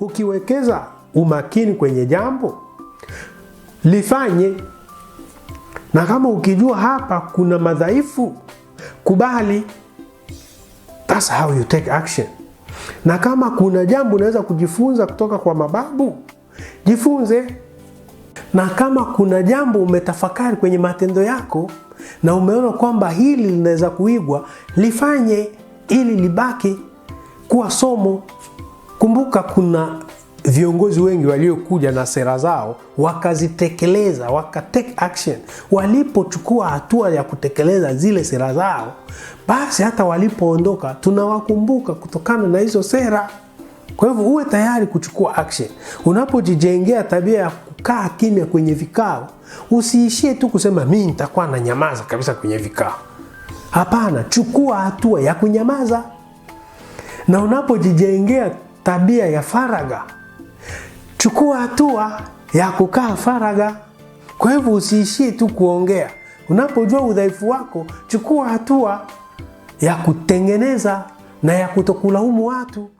Ukiwekeza umakini kwenye jambo lifanye, na kama ukijua hapa kuna madhaifu, kubali. That's how you take action. Na kama kuna jambo unaweza kujifunza kutoka kwa mababu, jifunze. Na kama kuna jambo umetafakari kwenye matendo yako na umeona kwamba hili linaweza kuigwa, lifanye ili libaki kuwa somo. Kumbuka kuna viongozi wengi waliokuja na sera zao wakazitekeleza, waka take action. Walipochukua hatua ya kutekeleza zile sera zao, basi hata walipoondoka tunawakumbuka kutokana na hizo sera. Kwa hivyo uwe tayari kuchukua action. Unapojijengea tabia ya kukaa kimya kwenye vikao, usiishie tu kusema mimi nitakuwa na nyamaza kabisa kwenye vikao. Hapana, chukua hatua ya kunyamaza, na unapojijengea tabia ya faraga. Chukua hatua ya kukaa faraga Kwa hivyo usiishie tu kuongea. Unapojua udhaifu wako, chukua hatua ya kutengeneza na ya kutokulaumu watu.